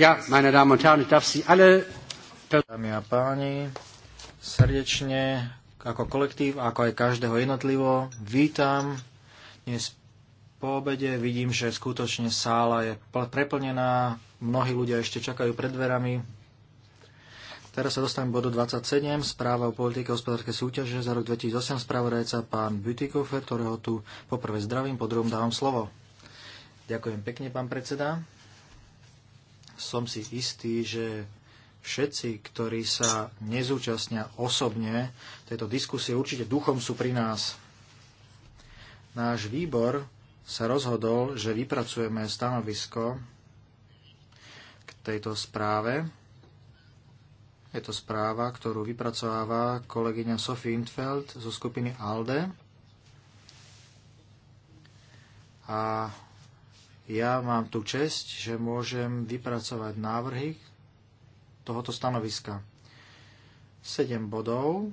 Ja, meine Damen und Herren, ich darf Sie alle... Dámy a páni, srdečne, ako kolektív, ako aj každého jednotlivo, vítam dnes po obede. Vidím, že skutočne sála je preplnená, mnohí ľudia ešte čakajú pred dverami. Teraz sa dostanem bodu 27, správa o politike hospodárskej súťaže za rok 2008, spravodajca pán Butikofer, ktorého tu poprvé zdravím, po druhom dávam slovo. Ďakujem pekne, pán predseda som si istý, že všetci, ktorí sa nezúčastnia osobne tejto diskusie, určite duchom sú pri nás. Náš výbor sa rozhodol, že vypracujeme stanovisko k tejto správe. Je to správa, ktorú vypracováva kolegyňa Sophie Intfeld zo skupiny ALDE. A ja mám tu čest, že môžem vypracovať návrhy tohoto stanoviska. 7 bodov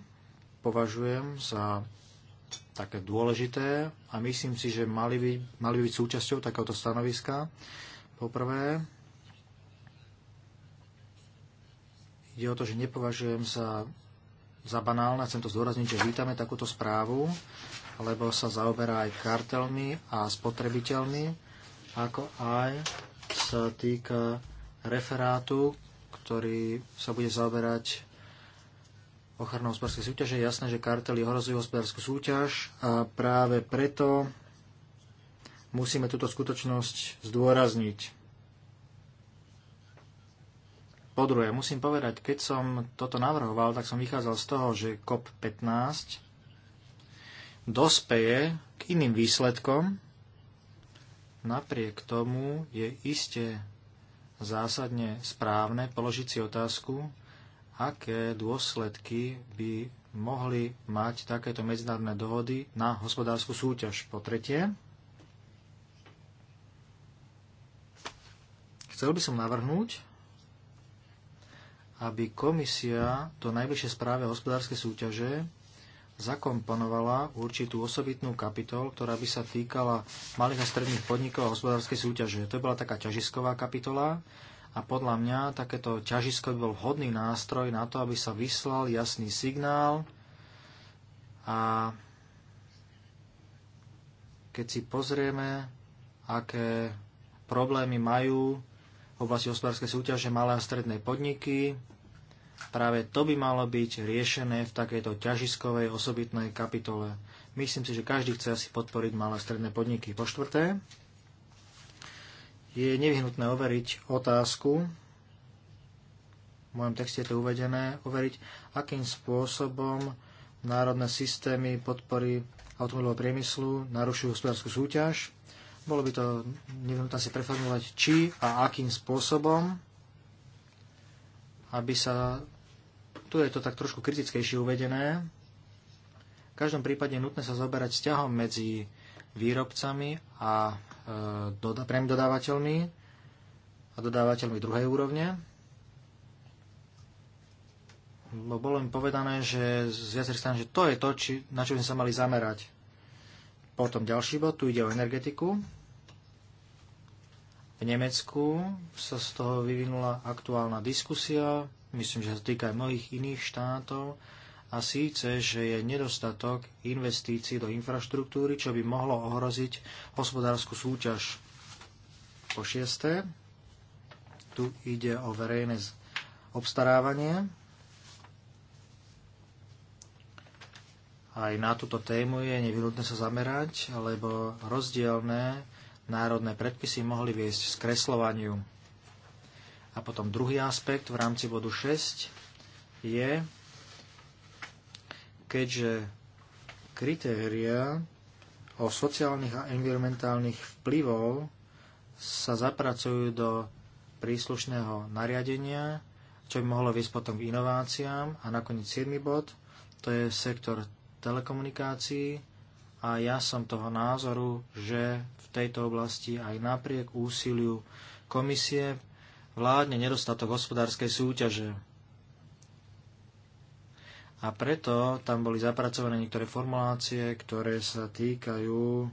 považujem za také dôležité a myslím si, že mali by, mali by byť súčasťou takéhoto stanoviska. Poprvé, ide o to, že nepovažujem sa za banálne, chcem to zdôrazniť, že vítame takúto správu, lebo sa zaoberá aj kartelmi a spotrebiteľmi ako aj sa týka referátu, ktorý sa bude zaoberať ochranou hospodárskej súťaže. Je jasné, že kartely ohrozujú hospodárskú súťaž a práve preto musíme túto skutočnosť zdôrazniť. Po druhé, musím povedať, keď som toto navrhoval, tak som vychádzal z toho, že COP15 dospeje k iným výsledkom, Napriek tomu je iste zásadne správne položiť si otázku, aké dôsledky by mohli mať takéto medzinárodné dohody na hospodárskú súťaž. Po tretie, chcel by som navrhnúť, aby komisia do najbližšej správe hospodárskej súťaže zakomponovala určitú osobitnú kapitol, ktorá by sa týkala malých a stredných podnikov a hospodárskej súťaže. To bola taká ťažisková kapitola a podľa mňa takéto ťažisko by bol vhodný nástroj na to, aby sa vyslal jasný signál a keď si pozrieme, aké problémy majú v oblasti hospodárskej súťaže malé a stredné podniky, Práve to by malo byť riešené v takejto ťažiskovej osobitnej kapitole. Myslím si, že každý chce asi podporiť malé stredné podniky. Po štvrté, je nevyhnutné overiť otázku, v mojom texte je to uvedené, overiť, akým spôsobom národné systémy podpory automobilového priemyslu narušujú hospodárskú súťaž. Bolo by to nevyhnutné si preformulovať, či a akým spôsobom, aby sa tu je to tak trošku kritickejšie uvedené. V každom prípade je nutné sa zoberať vzťahom medzi výrobcami a e, prem dodávateľmi a dodávateľmi druhej úrovne. Bo bolo mi povedané, že z viacerých strán, že to je to, či, na čo sme sa mali zamerať. Potom ďalší bod, tu ide o energetiku. V Nemecku sa z toho vyvinula aktuálna diskusia, myslím, že sa týka aj mnohých iných štátov, a síce, že je nedostatok investícií do infraštruktúry, čo by mohlo ohroziť hospodárskú súťaž. Po šiesté, tu ide o verejné obstarávanie. Aj na túto tému je nevyhnutné sa zamerať, lebo rozdielne národné predpisy mohli viesť k skresľovaniu a potom druhý aspekt v rámci bodu 6 je, keďže kritéria o sociálnych a environmentálnych vplyvov sa zapracujú do príslušného nariadenia, čo by mohlo viesť potom k inováciám. A nakoniec 7. bod, to je sektor telekomunikácií. A ja som toho názoru, že v tejto oblasti aj napriek úsiliu komisie vládne nedostatok hospodárskej súťaže. A preto tam boli zapracované niektoré formulácie, ktoré sa týkajú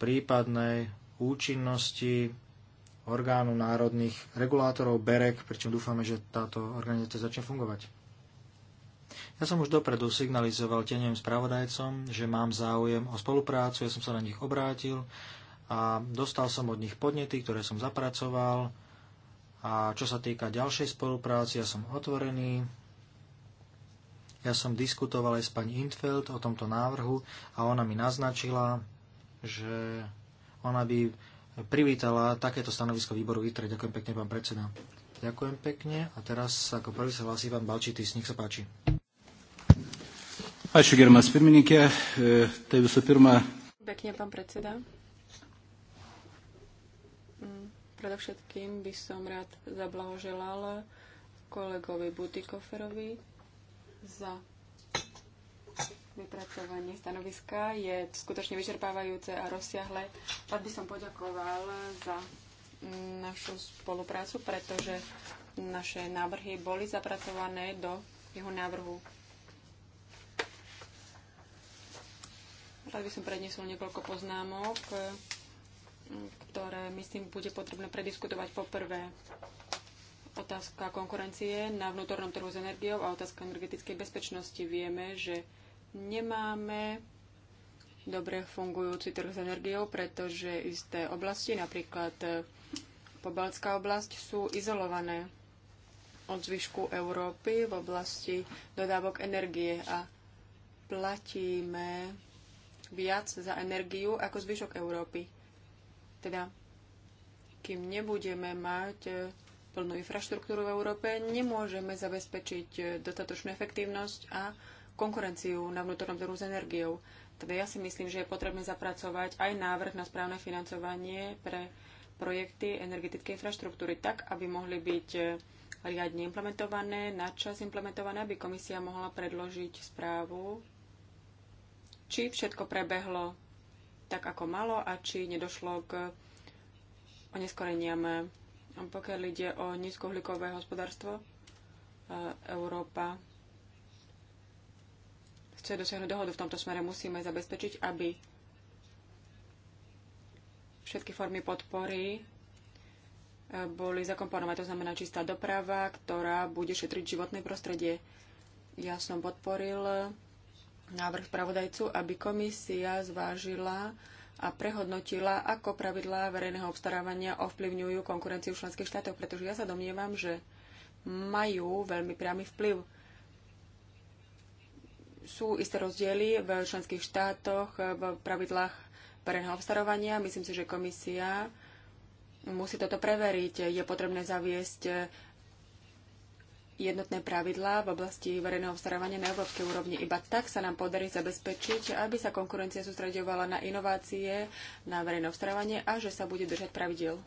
prípadnej účinnosti orgánu národných regulátorov BEREK, pričom dúfame, že táto organizácia začne fungovať. Ja som už dopredu signalizoval teniem spravodajcom, že mám záujem o spoluprácu, ja som sa na nich obrátil a dostal som od nich podnety, ktoré som zapracoval. A čo sa týka ďalšej spolupráce ja som otvorený. Ja som diskutoval aj s pani Intfeld o tomto návrhu a ona mi naznačila, že ona by privítala takéto stanovisko výboru ITRE. Ďakujem pekne, pán predseda. Ďakujem pekne a teraz ako prvý sa hlasí pán Balčitis. Nech sa páči. Ačiū, gerbiamas pirmininkė. E, tai visų pirma. Pekne, pán predseda. Predovšetkým by som rád zablahoželal kolegovi Butikoferovi za vypracovanie stanoviska. Je skutočne vyčerpávajúce a rozsiahle. Rád by som poďakoval za našu spoluprácu, pretože naše návrhy boli zapracované do jeho návrhu. Rád by som predniesol niekoľko poznámok ktoré myslím bude potrebné prediskutovať poprvé. Otázka konkurencie na vnútornom trhu s energiou a otázka energetickej bezpečnosti. Vieme, že nemáme dobre fungujúci trh s energiou, pretože isté oblasti, napríklad eh, Pobaltská oblasť, sú izolované od zvyšku Európy v oblasti dodávok energie a platíme viac za energiu ako zvyšok Európy. Teda, kým nebudeme mať e, plnú infraštruktúru v Európe, nemôžeme zabezpečiť e, dostatočnú efektívnosť a konkurenciu na vnútornom trhu s energiou. Teda ja si myslím, že je potrebné zapracovať aj návrh na správne financovanie pre projekty energetickej infraštruktúry tak, aby mohli byť e, riadne implementované, načas implementované, aby komisia mohla predložiť správu, či všetko prebehlo tak, ako malo a či nedošlo k oneskoreniam. Pokiaľ ide o nízkouhlíkové hospodárstvo, e, Európa chce dosiahnuť dohodu v tomto smere. Musíme zabezpečiť, aby všetky formy podpory e, boli zakomponované. To znamená čistá doprava, ktorá bude šetriť životné prostredie. Ja som podporil návrh spravodajcu, aby komisia zvážila a prehodnotila, ako pravidlá verejného obstarávania ovplyvňujú konkurenciu v členských štátoch, pretože ja sa domnievam, že majú veľmi priamy vplyv. Sú isté rozdiely v členských štátoch, v pravidlách verejného obstarávania. Myslím si, že komisia musí toto preveriť. Je potrebné zaviesť jednotné pravidlá v oblasti verejného starávania na európskej úrovni. Iba tak sa nám podarí zabezpečiť, aby sa konkurencia sústredovala na inovácie, na verejné starávanie a že sa bude držať pravidel.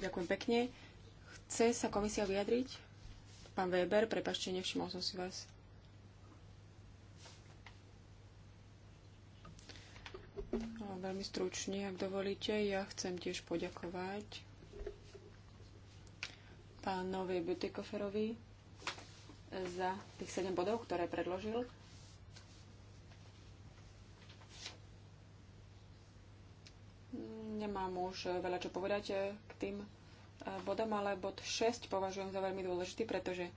Ďakujem pekne. Chce sa komisia vyjadriť? Pán Weber, prepašte, nevšimol som si vás. veľmi stručný, ak dovolíte. Ja chcem tiež poďakovať pánovi Butikoferovi za tých 7 bodov, ktoré predložil. Nemám už veľa čo povedať k tým bodom, ale bod 6 považujem za veľmi dôležitý, pretože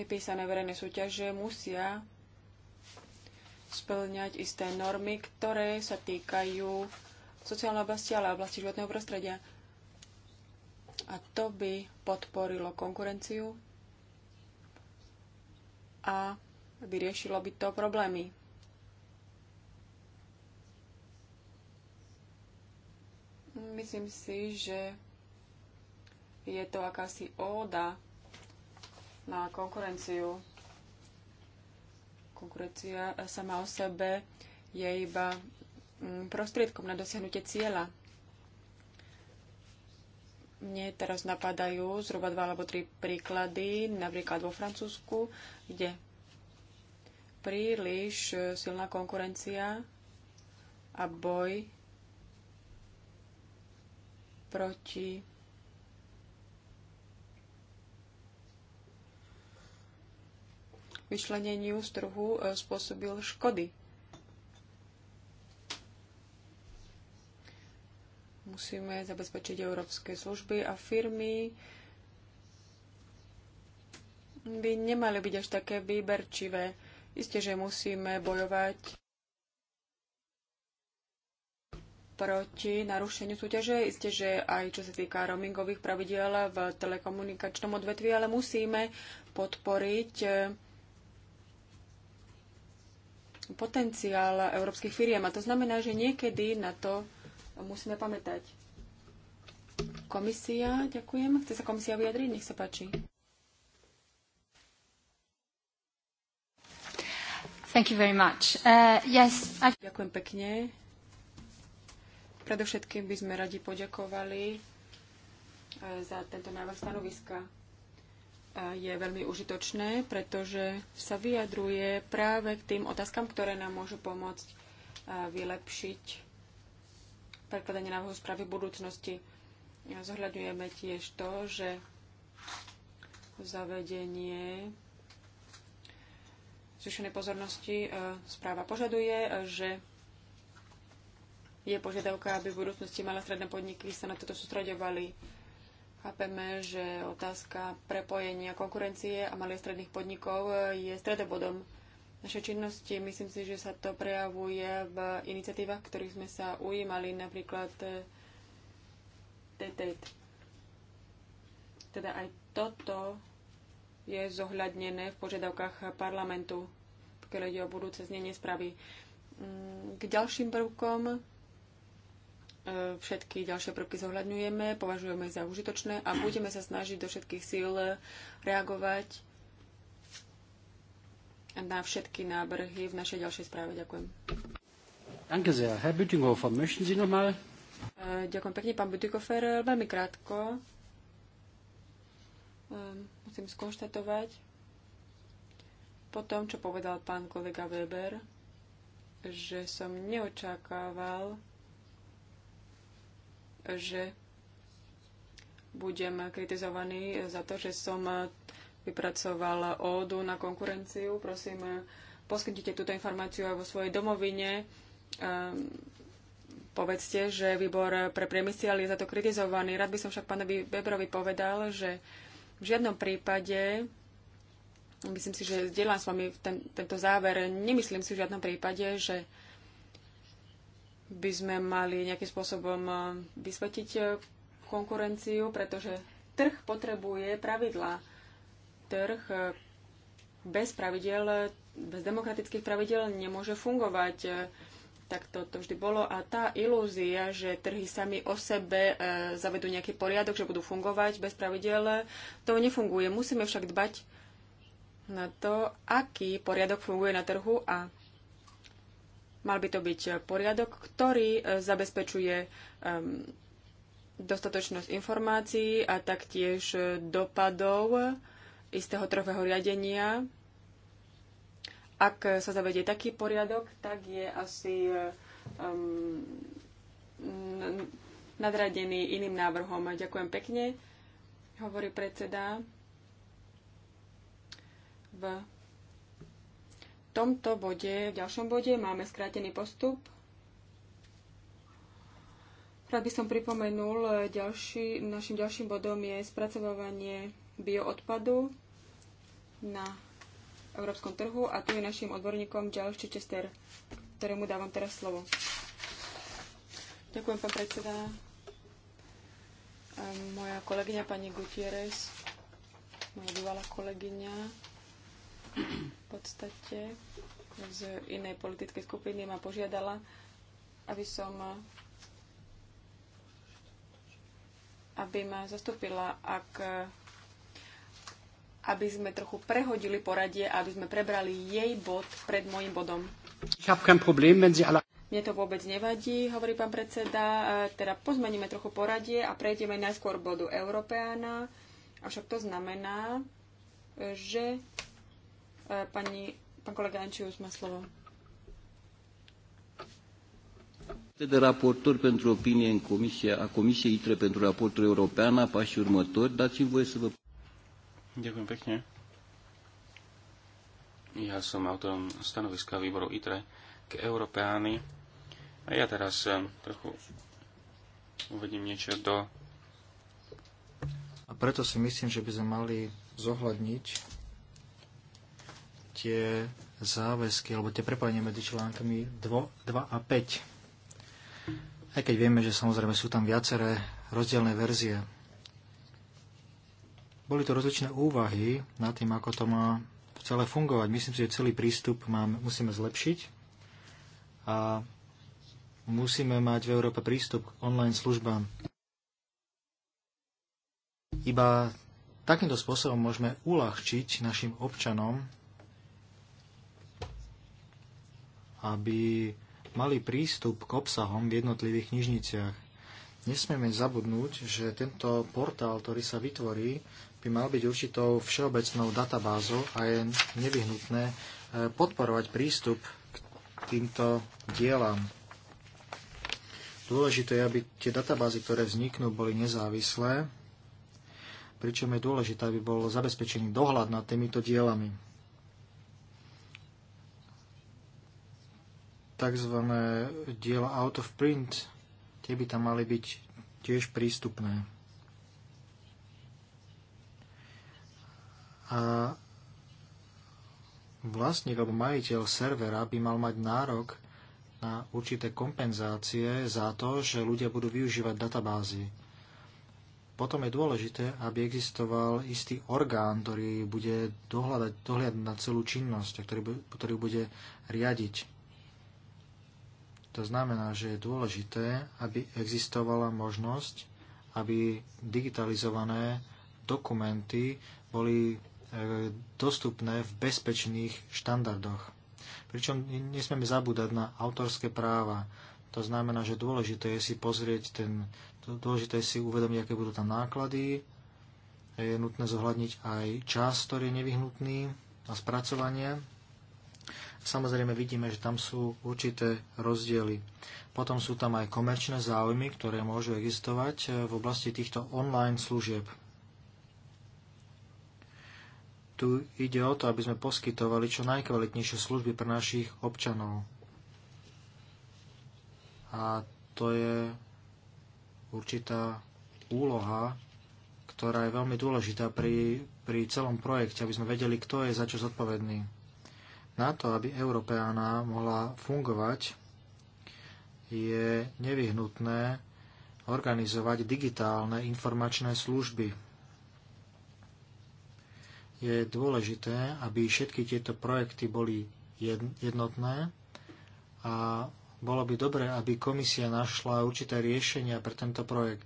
vypísané verejné súťaže musia splňať isté normy, ktoré sa týkajú sociálnej oblasti, ale oblasti životného prostredia. A to by podporilo konkurenciu a vyriešilo by to problémy. Myslím si, že je to akási óda na konkurenciu. Konkurencia sama o sebe je iba mm, prostriedkom na dosiahnutie cieľa. Mne teraz napadajú zhruba dva alebo tri príklady, napríklad vo Francúzsku, kde príliš silná konkurencia a boj proti vyčleneniu z trhu e, spôsobil škody. Musíme zabezpečiť európske služby a firmy by nemali byť až také výberčivé. Isté, že musíme bojovať proti narušeniu súťaže. Isté, že aj čo sa týka roamingových pravidiel v telekomunikačnom odvetví, ale musíme podporiť e, potenciál európskych firiem. A to znamená, že niekedy na to musíme pamätať. Komisia, ďakujem. Chce sa komisia vyjadriť? Nech sa páči. Thank you very much. Uh, yes, I... Ďakujem pekne. Predovšetkým by sme radi poďakovali eh, za tento návrh stanoviska je veľmi užitočné, pretože sa vyjadruje práve k tým otázkam, ktoré nám môžu pomôcť vylepšiť prekladanie návrhu správy v budúcnosti. Zohľadňujeme tiež to, že zavedenie zvyšenej pozornosti správa požaduje, že je požiadavka, aby v budúcnosti malé stredné podniky sa na toto sústredovali Chápeme, že otázka prepojenia konkurencie a malých stredných podnikov je stredobodom našej činnosti. Myslím si, že sa to prejavuje v iniciatívach, ktorých sme sa ujímali, napríklad TTT. Eh, teda aj toto je zohľadnené v požiadavkách parlamentu, pokiaľ ide o budúce znenie správy. Mm, k ďalším prvkom E, všetky ďalšie prvky zohľadňujeme, považujeme za užitočné a budeme sa snažiť do všetkých síl reagovať na všetky nábrhy v našej ďalšej správe. Ďakujem. Danke sehr. Herr möchten Sie noch mal? E, ďakujem pekne, pán Bütikofer. Veľmi krátko e, musím skonštatovať po tom, čo povedal pán kolega Weber, že som neočakával že budem kritizovaný za to, že som vypracoval ódu na konkurenciu. Prosím, poskytnite túto informáciu aj vo svojej domovine. Ehm, povedzte, že výbor pre priemysel je za to kritizovaný. Rád by som však pánovi Bebrovi povedal, že v žiadnom prípade myslím si, že zdieľam s vami ten, tento záver. Nemyslím si v žiadnom prípade, že by sme mali nejakým spôsobom eh, vysvetiť eh, konkurenciu, pretože trh potrebuje pravidlá. Trh eh, bez pravidel, bez demokratických pravidel nemôže fungovať. Tak to, to vždy bolo. A tá ilúzia, že trhy sami o sebe zavedú nejaký poriadok, že budú fungovať bez pravidel, to nefunguje. Musíme však dbať na to, aký poriadok funguje na trhu a Mal by to byť poriadok, ktorý e, zabezpečuje e, dostatočnosť informácií a taktiež e, dopadov istého trhového riadenia. Ak sa zavedie taký poriadok, tak je asi um, nadradený iným návrhom. Ďakujem pekne, hovorí predseda. V tomto bode, v ďalšom bode, máme skrátený postup. Rád by som pripomenul, eh, ďalší, našim ďalším bodom je spracovávanie bioodpadu na európskom trhu a tu je našim odborníkom Giles Chichester, ktorému dávam teraz slovo. Ďakujem, pán predseda. Moja kolegyňa pani Gutierrez, moja bývalá kolegyňa, v podstate z inej politickej skupiny ma požiadala, aby som aby ma zastúpila, ak aby sme trochu prehodili poradie, aby sme prebrali jej bod pred môjim bodom. Mne to vôbec nevadí, hovorí pán predseda. E, teda pozmeníme trochu poradie a prejdeme najskôr bodu Európeána. Avšak to znamená, že Pani, pán kolega Ančius má slovo. de raportor pentru opinie în comisia, a Comisiei ITRE pentru raportul european a pașii următori. Dați-mi voie să vă... Ďakujem pekne. Ja som autorom stanoviska výboru ITRE k Európeány. A ja teraz eh, trochu uvedím niečo do... A preto si myslím, že by sme mali zohľadniť tie záväzky alebo tie prepojenie medzi článkami 2, 2 a 5. Aj keď vieme, že samozrejme sú tam viaceré rozdielne verzie. Boli to rozličné úvahy nad tým, ako to má celé fungovať. Myslím si, že celý prístup máme, musíme zlepšiť a musíme mať v Európe prístup k online službám. Iba takýmto spôsobom môžeme uľahčiť našim občanom aby mali prístup k obsahom v jednotlivých knižniciach. Nesmieme zabudnúť, že tento portál, ktorý sa vytvorí, by mal byť určitou všeobecnou databázou a je nevyhnutné eh, podporovať prístup k týmto dielam. Dôležité je, aby tie databázy, ktoré vzniknú, boli nezávislé, pričom je dôležité, aby bol zabezpečený dohľad nad týmito dielami. tzv. diela out of print, tie by tam mali byť tiež prístupné. A vlastník alebo majiteľ servera by mal mať nárok na určité kompenzácie za to, že ľudia budú využívať databázy. Potom je dôležité, aby existoval istý orgán, ktorý bude dohľadať, dohľadať na celú činnosť, ktorý, ktorý bude riadiť to znamená, že je dôležité, aby existovala možnosť, aby digitalizované dokumenty boli e, dostupné v bezpečných štandardoch. Pričom nesmieme zabúdať na autorské práva. To znamená, že dôležité je si pozrieť ten, dôležité je si uvedomiť, aké budú tam náklady, je nutné zohľadniť aj čas, ktorý je nevyhnutný a spracovanie Samozrejme vidíme, že tam sú určité rozdiely. Potom sú tam aj komerčné záujmy, ktoré môžu existovať e, v oblasti týchto online služieb. Tu ide o to, aby sme poskytovali čo najkvalitnejšie služby pre našich občanov. A to je určitá úloha, ktorá je veľmi dôležitá pri, pri celom projekte, aby sme vedeli, kto je za čo zodpovedný. Na to, aby Európeána mohla fungovať, je nevyhnutné organizovať digitálne informačné služby. Je dôležité, aby všetky tieto projekty boli jednotné a bolo by dobré, aby komisia našla určité riešenia pre tento projekt.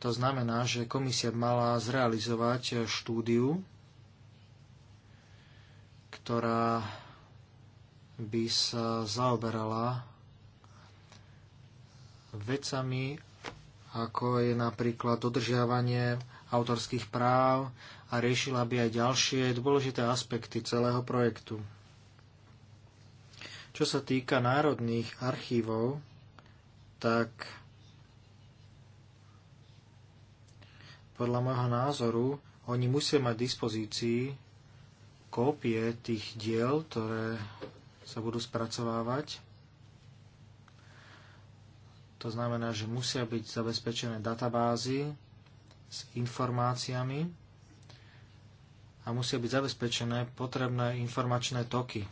To znamená, že komisia mala zrealizovať štúdiu, ktorá by sa zaoberala vecami, ako je napríklad dodržiavanie autorských práv a riešila by aj ďalšie dôležité aspekty celého projektu. Čo sa týka národných archívov, tak podľa môjho názoru oni musia mať dispozícii kópie tých diel, ktoré sa budú spracovávať. To znamená, že musia byť zabezpečené databázy s informáciami a musia byť zabezpečené potrebné informačné toky.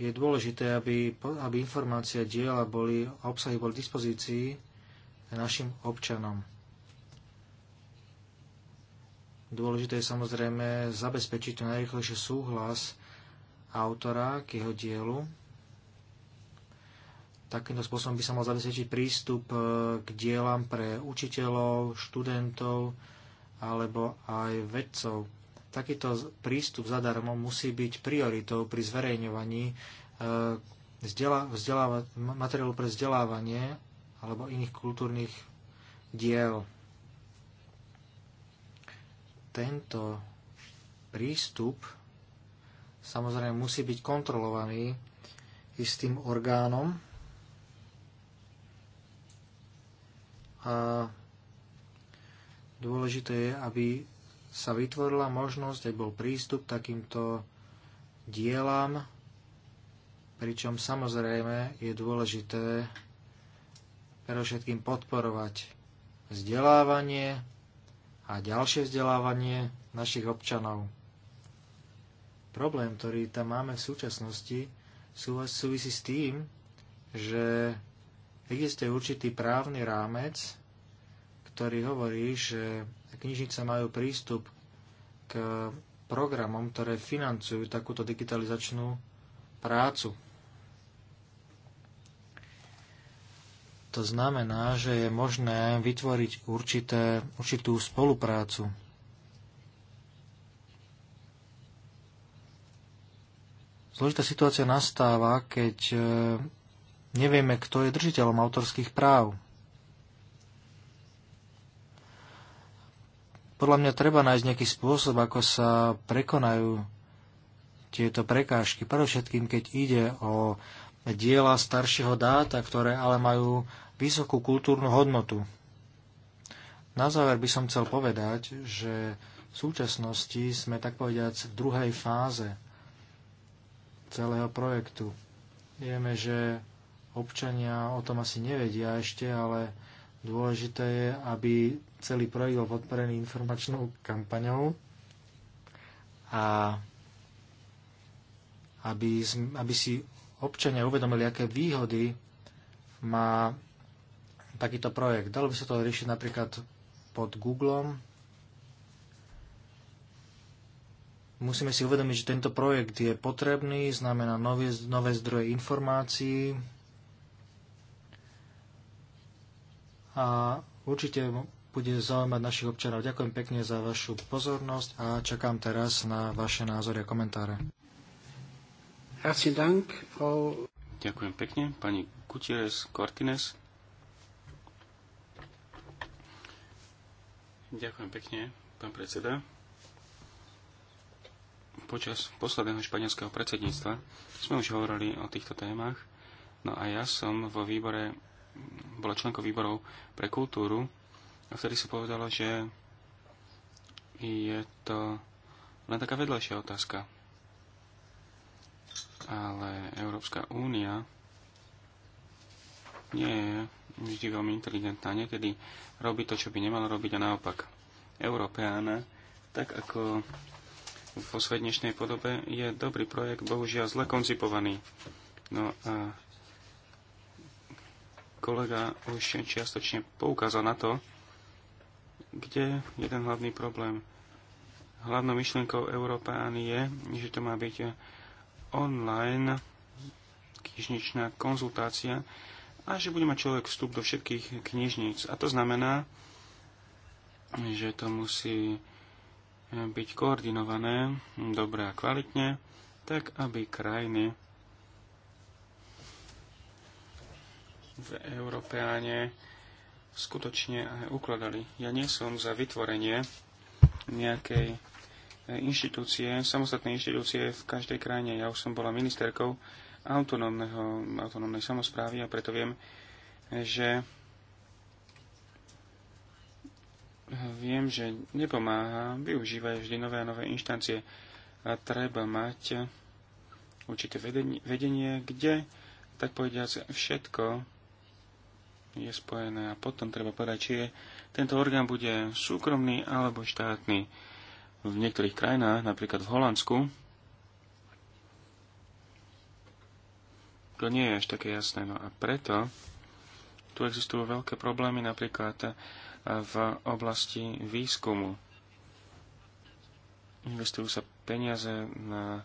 Je dôležité, aby, aby informácia diela boli, obsahy boli v dispozícii našim občanom. Dôležité je samozrejme zabezpečiť to najrychlejšie súhlas autora k jeho dielu. Takýmto spôsobom by sa mal zabezpečiť prístup e, k dielam pre učiteľov, študentov alebo aj vedcov. Takýto prístup zadarmo musí byť prioritou pri zverejňovaní e, materiálu pre vzdelávanie alebo iných kultúrnych diel tento prístup samozrejme musí byť kontrolovaný istým orgánom a dôležité je, aby sa vytvorila možnosť, aby bol prístup takýmto dielam, pričom samozrejme je dôležité predovšetkým podporovať vzdelávanie, a ďalšie vzdelávanie našich občanov. Problém, ktorý tam máme v súčasnosti, súvisí s tým, že existuje určitý právny rámec, ktorý hovorí, že knižnice majú prístup k programom, ktoré financujú takúto digitalizačnú prácu. To znamená, že je možné vytvoriť určité, určitú spoluprácu. Zložitá situácia nastáva, keď e, nevieme, kto je držiteľom autorských práv. Podľa mňa treba nájsť nejaký spôsob, ako sa prekonajú tieto prekážky. Predovšetkým, keď ide o diela staršieho dáta, ktoré ale majú vysokú kultúrnu hodnotu. Na záver by som chcel povedať, že v súčasnosti sme tak povediať v druhej fáze celého projektu. Vieme, že občania o tom asi nevedia ešte, ale dôležité je, aby celý projekt bol podporený informačnou kampaňou a aby, aby si občania uvedomili, aké výhody má takýto projekt. Dalo by sa to riešiť napríklad pod Googlom. Musíme si uvedomiť, že tento projekt je potrebný, znamená nové, nové zdroje informácií a určite bude zaujímať našich občanov. Ďakujem pekne za vašu pozornosť a čakám teraz na vaše názory a komentáre. Herzlichen Dank, Frau... Ďakujem pekne, pani Gutierrez Cortines. Ďakujem pekne, pán predseda. Počas posledného španielského predsedníctva sme už hovorili o týchto témach. No a ja som vo výbore, bola členkou výborov pre kultúru a vtedy sa povedalo, že je to len taká vedľajšia otázka ale Európska únia nie je vždy veľmi inteligentná. Niekedy robí to, čo by nemala robiť a naopak. Európeána, tak ako vo svojej podobe, je dobrý projekt, bohužiaľ zle koncipovaný. No a kolega už čiastočne poukázal na to, kde je ten hlavný problém. Hlavnou myšlienkou Európeány je, že to má byť online knižničná konzultácia a že bude mať človek vstup do všetkých knižníc. A to znamená, že to musí byť koordinované dobre a kvalitne, tak aby krajiny v Európeáne skutočne aj ukladali. Ja nie som za vytvorenie nejakej inštitúcie, samostatné inštitúcie v každej krajine. Ja už som bola ministerkou autonómnej samozprávy a preto viem, že viem, že nepomáha využívať vždy nové a nové inštancie. A treba mať určité vedenie, vedenie kde, tak povediať všetko je spojené. A potom treba povedať, či je, tento orgán bude súkromný alebo štátny v niektorých krajinách, napríklad v Holandsku, to nie je až také jasné. No a preto tu existujú veľké problémy napríklad eh, v oblasti výskumu. Investujú sa peniaze na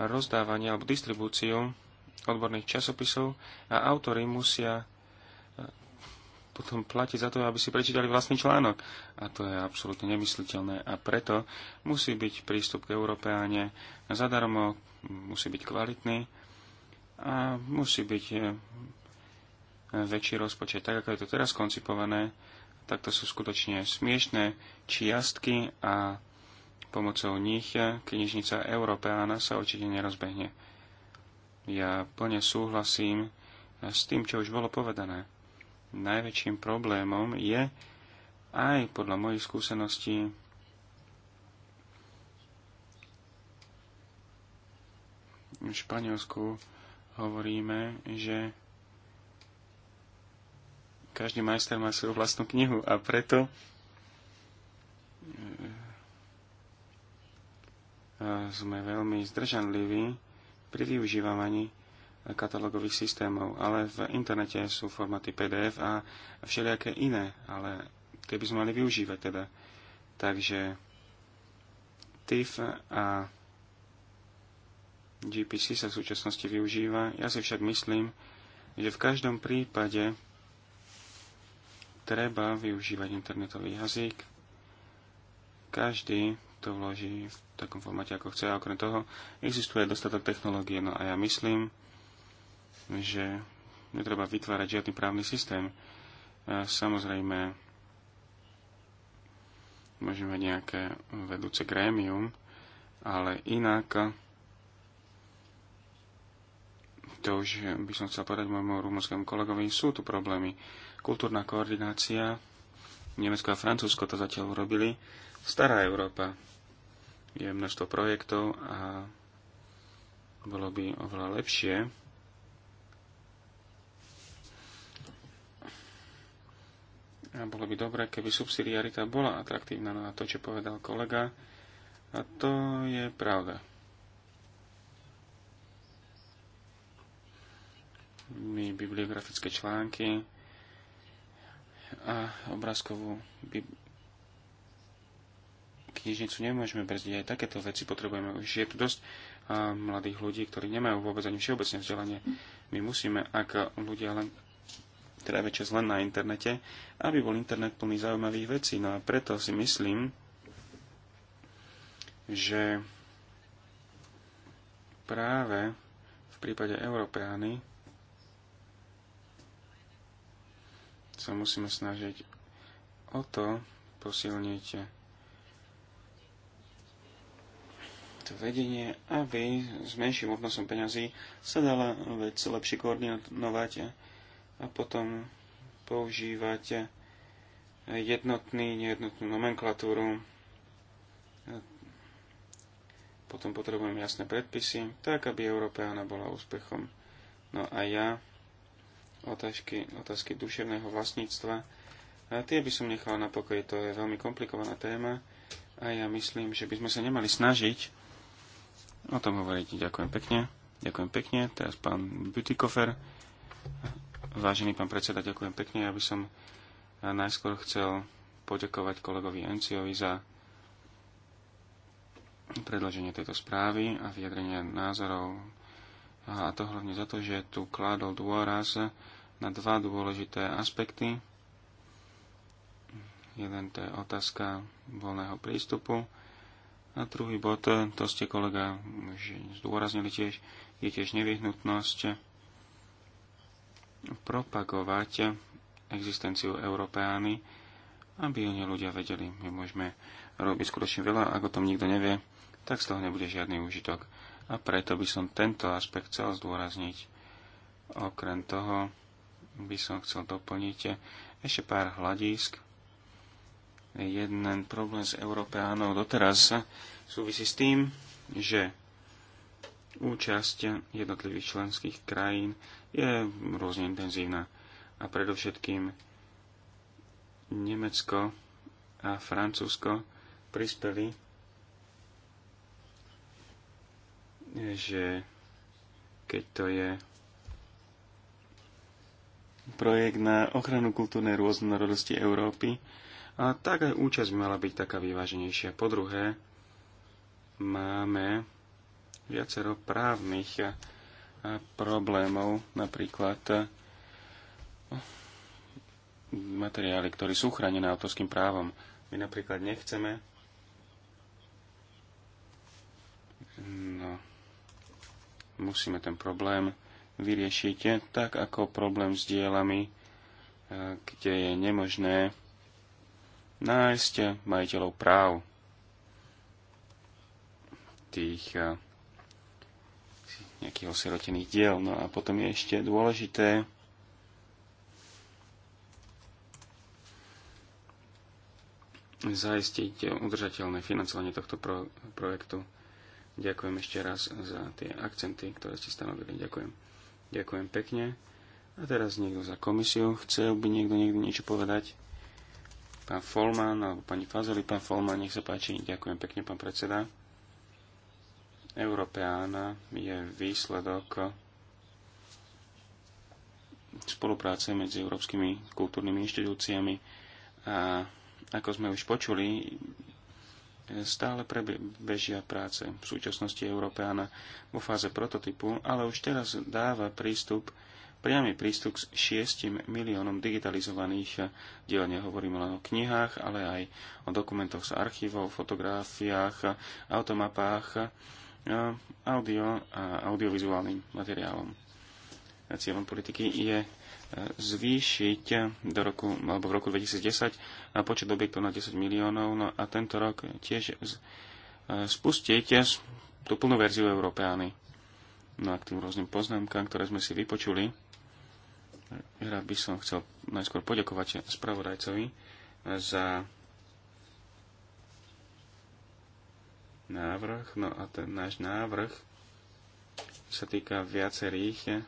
rozdávanie alebo distribúciu odborných časopisov a autory musia potom platí za to, aby si prečítali vlastný článok. A to je absolútne nemysliteľné. A preto musí byť prístup k Európeáne zadarmo, musí byť kvalitný a musí byť e, väčší rozpočet. Tak, ako je to teraz koncipované, tak to sú skutočne smiešné čiastky a pomocou nich knižnica Európeána sa určite nerozbehne. Ja plne súhlasím s tým, čo už bolo povedané najväčším problémom je aj podľa mojich skúseností v Španielsku hovoríme, že každý majster má svoju vlastnú knihu a preto e, e, sme veľmi zdržanliví pri využívaní katalogových systémov, ale v internete sú formáty PDF a všelijaké iné, ale tie by sme mali využívať teda. Takže TIFF a GPC sa v súčasnosti využíva. Ja si však myslím, že v každom prípade treba využívať internetový jazyk. Každý to vloží v takom formáte, ako chce. A okrem toho existuje dostatok technológie. No a ja myslím, že netreba vytvárať žiadny právny systém. Samozrejme, môžeme nejaké vedúce grémium, ale inak to už by som chcel povedať môjmu rumúnskému kolegovi, sú tu problémy. Kultúrna koordinácia, Nemecko a Francúzsko to zatiaľ urobili, stará Európa. Je množstvo projektov a bolo by oveľa lepšie, A bolo by dobre, keby subsidiarita bola atraktívna na no to, čo povedal kolega. A to je pravda. My bibliografické články a obrázkovú knižnicu nemôžeme brzdiť. Aj takéto veci potrebujeme. Už je tu dosť a mladých ľudí, ktorí nemajú vôbec ani všeobecné vzdelanie. My musíme, ak ľudia len trávia teda čas len na internete, aby bol internet plný zaujímavých vecí. No a preto si myslím, že práve v prípade Európeány sa musíme snažiť o to posilniť to vedenie, aby s menším obnosom peňazí sa dala vec lepšie koordinovať a potom používať jednotný, nejednotnú nomenklatúru. Potom potrebujem jasné predpisy, tak aby Európeána bola úspechom. No a ja otázky, otázky duševného vlastníctva. A tie by som nechal na pokoji, to je veľmi komplikovaná téma a ja myslím, že by sme sa nemali snažiť o tom hovoriť. Ďakujem pekne. Ďakujem pekne. Teraz pán Butikofer. Vážený pán predseda, ďakujem pekne. Ja by som e, najskôr chcel poďakovať kolegovi Enciovi za predloženie tejto správy a vyjadrenie názorov. A to hlavne za to, že tu kládol dôraz na dva dôležité aspekty. Jeden to je otázka voľného prístupu a druhý bod, to ste kolega zdôraznili tiež, je tiež nevyhnutnosť propagovať existenciu Európeány, aby o nej ľudia vedeli. My môžeme robiť skutočne veľa, ak o tom nikto nevie, tak z toho nebude žiadny úžitok. A preto by som tento aspekt chcel zdôrazniť. Okrem toho by som chcel doplniť ešte pár hľadísk. Jeden problém s Európeánov doteraz súvisí s tým, že účasť jednotlivých členských krajín je rôzne intenzívna a predovšetkým Nemecko a Francúzsko prispeli, že keď to je projekt na ochranu kultúrnej rôznorodosti Európy, a tak aj účasť by mala byť taká vyváženejšia. Po druhé, máme viacero právnych eh, problémov, napríklad eh, materiály, ktoré sú chránené autorským právom. My napríklad nechceme no, musíme ten problém vyriešiť tak, ako problém s dielami, eh, kde je nemožné nájsť majiteľov práv tých nejakých osirotených diel. No a potom je ešte dôležité zaistiť udržateľné financovanie tohto pro- projektu. Ďakujem ešte raz za tie akcenty, ktoré ste stanovili. Ďakujem. Ďakujem pekne. A teraz niekto za komisiu. Chce by niekto, niekto niečo povedať? Pán Folman alebo pani Fazoli, pán Folman, nech sa páči. Ďakujem pekne, pán predseda. Európeána je výsledok spolupráce medzi európskymi kultúrnymi inštitúciami a ako sme už počuli, stále prebežia práce. V súčasnosti Európeána vo fáze prototypu, ale už teraz dáva prístup, priamy prístup k 6 miliónom digitalizovaných diel. Nehovoríme len o knihách, ale aj o dokumentoch z archívov, fotografiách, automapách, audio a audiovizuálnym materiálom. Cieľom politiky je e, zvýšiť do roku, alebo v roku 2010 počet objektov na 10 miliónov no a tento rok tiež e, spustiť tú plnú verziu Európeány. No a k tým rôznym poznámkám, ktoré sme si vypočuli, rád by som chcel najskôr poďakovať spravodajcovi za návrh. No a ten náš návrh sa týka viacerých,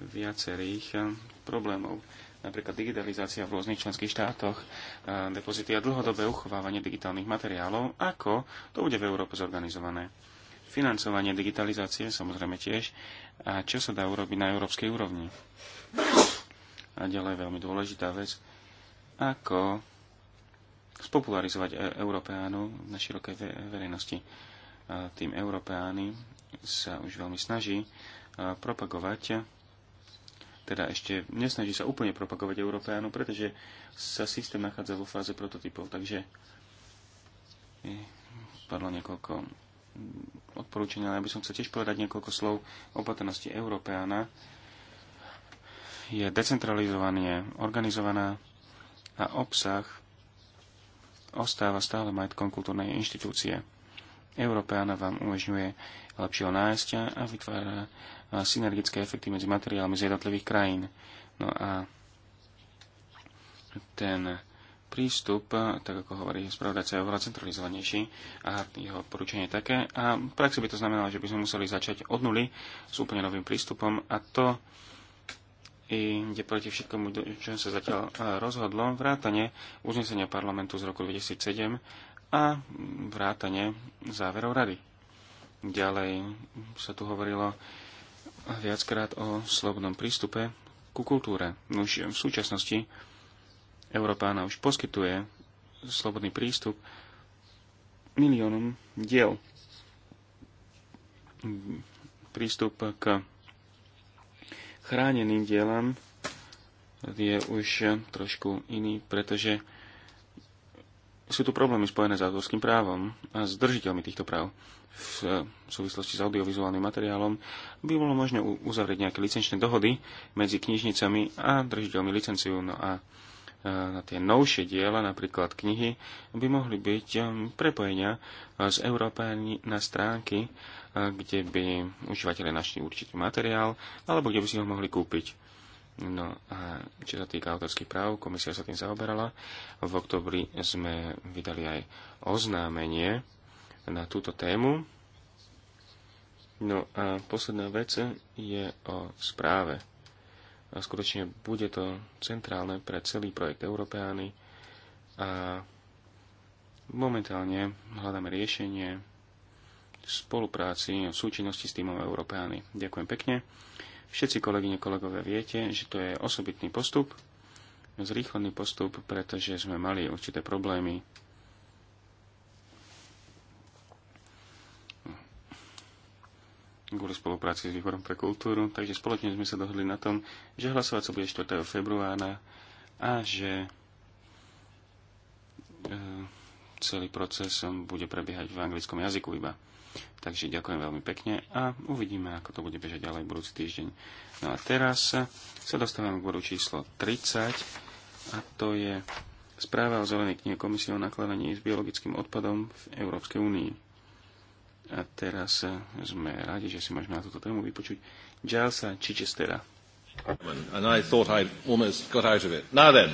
viacerých eh, problémov. Napríklad digitalizácia v rôznych členských štátoch, eh, depozity a dlhodobé uchovávanie digitálnych materiálov, ako to bude v Európe zorganizované. Financovanie digitalizácie samozrejme tiež a čo sa dá urobiť na európskej úrovni. A ďalej veľmi dôležitá vec, ako spopularizovať e, Európeánu na širokej verejnosti. E, tým Európeány sa už veľmi snaží e, propagovať, teda ešte nesnaží sa úplne propagovať Európeánu, pretože sa systém nachádza vo fáze prototypov, takže padlo niekoľko odporúčania, ale ja by som chcel tiež povedať niekoľko slov opatrnosti Európeána. Je decentralizovanie, organizovaná a obsah ostáva stále majetkom kultúrnej inštitúcie. Európeana vám umožňuje lepšieho nájsťa a vytvára synergické efekty medzi materiálmi z jednotlivých krajín. No a ten prístup, tak ako hovorí spravodajca, je oveľa centralizovanejší a jeho poručenie je také. A v praxi by to znamenalo, že by sme museli začať od nuly s úplne novým prístupom a to ide proti všetkomu, čo sa zatiaľ e, rozhodlo, vrátane uznesenia parlamentu z roku 2007 a vrátane záverov rady. Ďalej sa tu hovorilo viackrát o slobodnom prístupe ku kultúre. Už v súčasnosti Európána už poskytuje slobodný prístup miliónom diel. Prístup k chráneným dielom je už trošku iný, pretože sú tu problémy spojené s autorským právom a s držiteľmi týchto práv. V súvislosti s audiovizuálnym materiálom by bolo možné uzavrieť nejaké licenčné dohody medzi knižnicami a držiteľmi licenciu. No a e, na tie novšie diela, napríklad knihy, by mohli byť prepojenia e, z Európy na stránky kde by užívateľe našli určitý materiál, alebo kde by si ho mohli kúpiť. No a čo sa týka autorských práv, komisia sa tým zaoberala. V oktobri sme vydali aj oznámenie na túto tému. No a posledná vec je o správe. A skutočne bude to centrálne pre celý projekt Európeány a momentálne hľadáme riešenie spolupráci, v súčinnosti s týmom Európeány. Ďakujem pekne. Všetci kolegyne, kolegové viete, že to je osobitný postup, zrýchlený postup, pretože sme mali určité problémy kvôli spolupráci s Výborom pre kultúru, takže spoločne sme sa dohodli na tom, že hlasovať sa bude 4. februára a že e, celý proces e, bude prebiehať v anglickom jazyku iba. Takže ďakujem veľmi pekne a uvidíme, ako to bude bežať ďalej budúci týždeň. No a teraz sa dostávame k bodu číslo 30 a to je správa o zelenej knihe Komisie o nakladaní s biologickým odpadom v Európskej únii. A teraz sme radi, že si môžeme na túto tému vypočuť Gilesa Chichestera. And I thought I almost got out of it. Now then,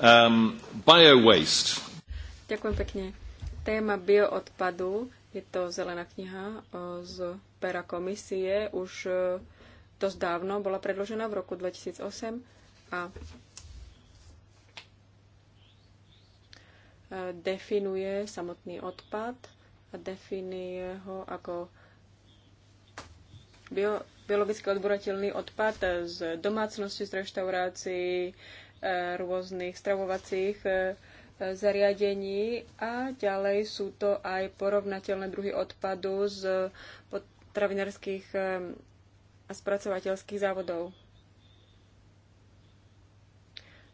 um, bio waste. Ďakujem pekne. Téma bioodpadu je to zelená kniha e, z pera komisie. Už e, dosť dávno bola predložená v roku 2008 a e, definuje samotný odpad a definuje ho ako bio, biologicky odborateľný odpad z domácnosti, z reštaurácií, rôznych stravovacích zariadení a ďalej sú to aj porovnateľné druhy odpadu z potravinárskych a spracovateľských závodov.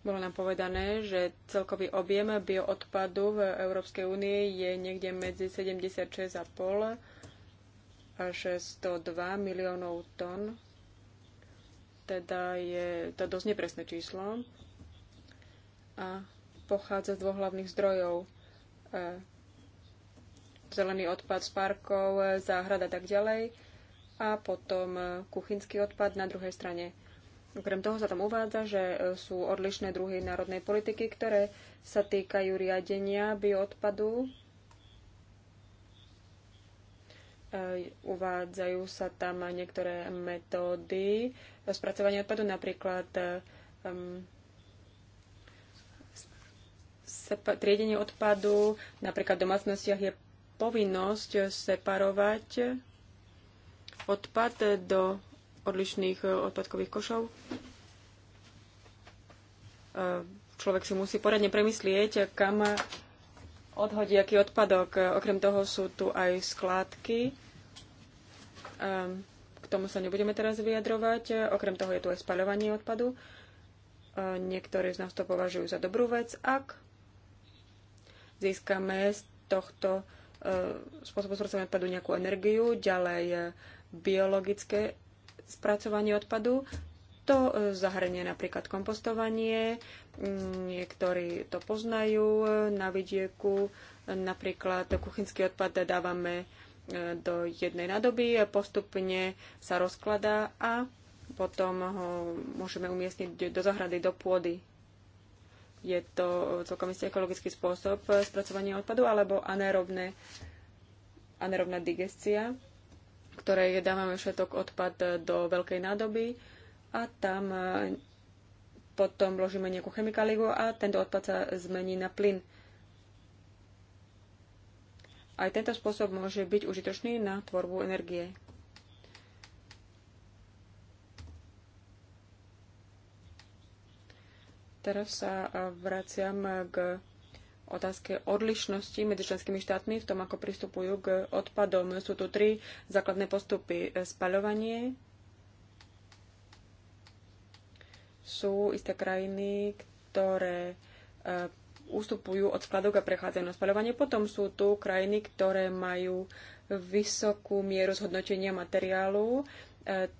Bolo nám povedané, že celkový objem bioodpadu v Európskej únie je niekde medzi 76,5 až 102 miliónov tón. Teda je to dosť nepresné číslo. A pochádza z dvoch hlavných zdrojov. E, zelený odpad z parkov, e, záhrada a tak ďalej a potom e, kuchynský odpad na druhej strane. Okrem toho sa tam uvádza, že sú odlišné druhy národnej politiky, ktoré sa týkajú riadenia bioodpadu. Uvádzajú sa tam niektoré metódy spracovania odpadu, napríklad triedenie odpadu, napríklad v domácnostiach je povinnosť separovať odpad do odlišných eh, odpadkových košov. Eh, človek si musí poradne premyslieť, kam odhodí aký odpadok. Okrem toho sú tu aj skládky. Eh, k tomu sa nebudeme teraz vyjadrovať. Okrem toho je tu aj spaľovanie odpadu. Niektorí z nás to považujú za dobrú vec, ak získame z tohto e, spôsobu spracovania odpadu nejakú energiu, ďalej e, biologické spracovanie odpadu. To e, zahrnie napríklad kompostovanie, mm, niektorí to poznajú na vidieku, napríklad kuchynský odpad dávame do jednej nádoby, postupne sa rozkladá a potom ho môžeme umiestniť do zahrady, do pôdy je to celkom istý ekologický spôsob spracovania odpadu, alebo anerobné, anerobná digestia, ktorej dávame všetok odpad do veľkej nádoby a tam e, potom vložíme nejakú chemikáliu a tento odpad sa zmení na plyn. Aj tento spôsob môže byť užitočný na tvorbu energie. Teraz sa e, vraciam k otázke odlišnosti medzi členskými štátmi v tom, ako pristupujú k odpadom. Sú tu tri základné postupy. E, spaľovanie. Sú isté krajiny, ktoré e, ústupujú od skladok a prechádzajú na spaľovanie. Potom sú tu krajiny, ktoré majú vysokú mieru zhodnotenia materiálu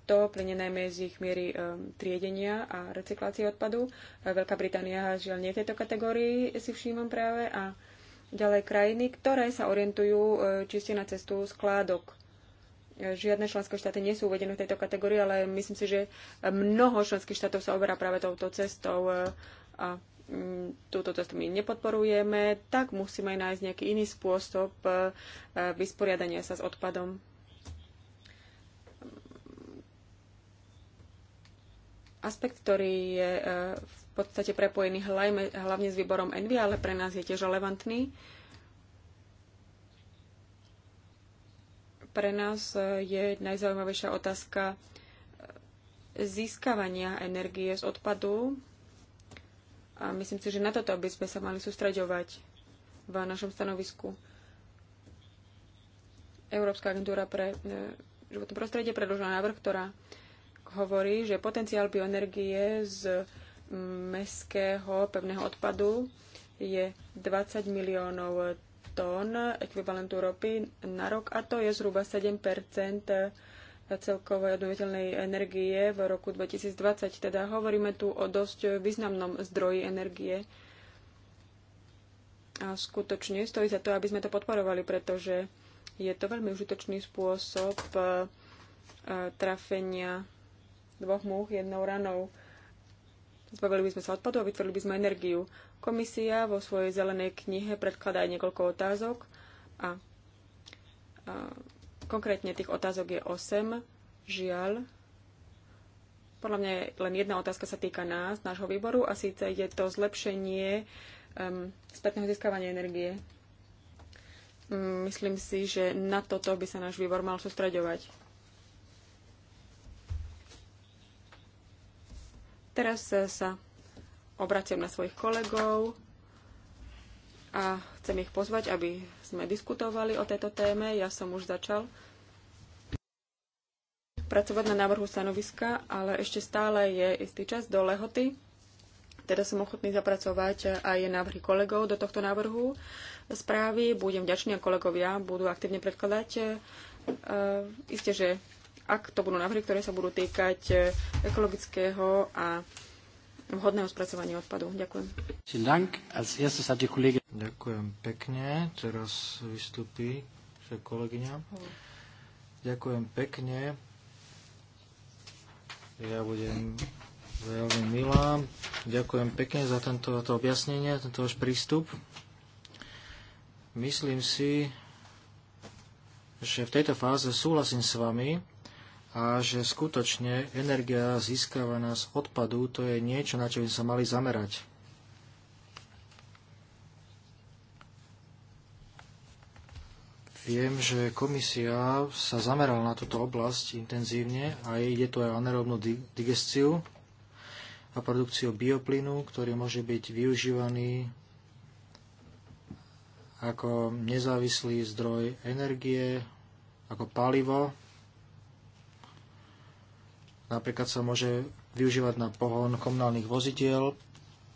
to plyne najmä z ich miery e, triedenia a recyklácie odpadu. E, Veľká Británia žiaľ nie v tejto kategórii si všímam práve a ďalej krajiny, ktoré sa orientujú e, čiste na cestu skládok. Žiadne členské štáty nie sú uvedené v tejto kategórii, ale myslím si, že mnoho členských štátov sa oberá práve touto cestou a mm, túto cestu my nepodporujeme, tak musíme aj nájsť nejaký iný spôsob vysporiadania sa s odpadom. aspekt, ktorý je e, v podstate prepojený hlavne s výborom Envy, ale pre nás je tiež relevantný. Pre nás e, je najzaujímavejšia otázka e, získavania energie z odpadu. A myslím si, že na toto by sme sa mali sústreďovať v našom stanovisku. Európska agentúra pre životné prostredie predložila návrh, ktorá hovorí, že potenciál bioenergie z mm, mestského pevného odpadu je 20 miliónov tón ekvivalentu ropy na rok a to je zhruba 7 celkovej obnoviteľnej energie v roku 2020. Teda hovoríme tu o dosť významnom zdroji energie. A skutočne stojí za to, aby sme to podporovali, pretože je to veľmi užitočný spôsob e, trafenia dvoch múch jednou ranou. Zbavili by sme sa odpadov a vytvorili by sme energiu. Komisia vo svojej zelenej knihe predkladá aj niekoľko otázok a, a konkrétne tých otázok je 8. Žiaľ, podľa mňa len jedna otázka sa týka nás, nášho výboru, a síce je to zlepšenie um, spätného získavania energie. Um, myslím si, že na toto by sa náš výbor mal sústreďovať. Teraz eh, sa obraciam na svojich kolegov a chcem ich pozvať, aby sme diskutovali o tejto téme. Ja som už začal pracovať na návrhu stanoviska, ale ešte stále je istý čas do lehoty. Teda som ochotný zapracovať eh, aj návrhy kolegov do tohto návrhu správy. Budem vďačný a kolegovia budú aktívne predkladať. Eh, isté, že ak to budú návrhy, ktoré sa budú týkať e, ekologického a vhodného spracovania odpadu. Ďakujem. Ďakujem pekne. Teraz vystupí kolegyňa. Ďakujem pekne. Ja budem veľmi milá. Ďakujem pekne za tento, to objasnenie, tento váš prístup. Myslím si, že v tejto fáze súhlasím s vami, a že skutočne energia získavaná z odpadu to je niečo, na čo by sa mali zamerať. Viem, že komisia sa zamerala na túto oblasť intenzívne a ide tu aj o anerobnú digestiu a produkciu bioplynu, ktorý môže byť využívaný ako nezávislý zdroj energie, ako palivo Napríklad sa môže využívať na pohon komunálnych vozidiel,